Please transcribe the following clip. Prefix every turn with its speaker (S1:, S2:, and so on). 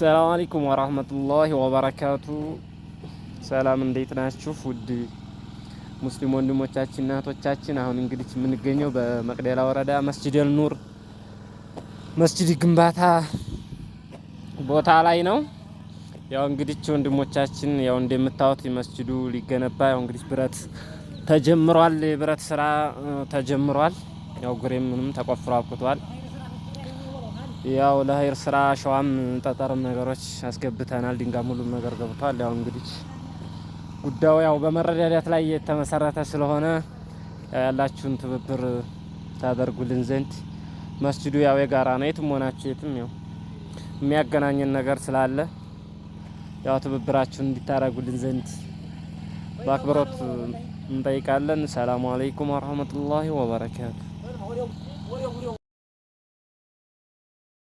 S1: ሰላም አለይኩም ወራህመቱላሂ ወበረካቱ። ሰላም እንዴት ናችሁ? ውድ ሙስሊም ወንድሞቻችን እናቶቻችን፣ አሁን እንግዲህ የምንገኘው በመቅደላ ወረዳ መስጂደል ኑር መስጂድ ግንባታ ቦታ ላይ ነው። ያው እንግዲህ ወንድሞቻችን ያው እንደምታዩት መስጂዱ ሊገነባ ያው እንግዲህ ብረት ተጀምሯል። የብረት ስራ ተጀምሯል። ያው ጉሬ ምንም ተቆፍሮ አብቅቷል። ያው ለሀይር ስራ አሸዋም ጠጠርም ነገሮች አስገብተናል። ድንጋይ ሁሉም ነገር ገብቷል። ያው እንግዲህ ጉዳዩ ያው በመረዳዳት ላይ የተመሰረተ ስለሆነ ያው ያላችሁን ትብብር ታደርጉልን ዘንድ መስጅዱ ያው የጋራ ነው። የትም ሆናችሁ የትም ያው የሚያገናኝን ነገር ስላለ ያው ትብብራችሁን እንዲታረጉልን ዘንድ በአክብሮት እንጠይቃለን። ሰላሙ አለይኩም ወረህመቱላሂ ወበረካቱ።